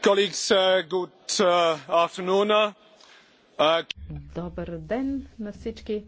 Colleagues, good afternoon. Добър ден на всички.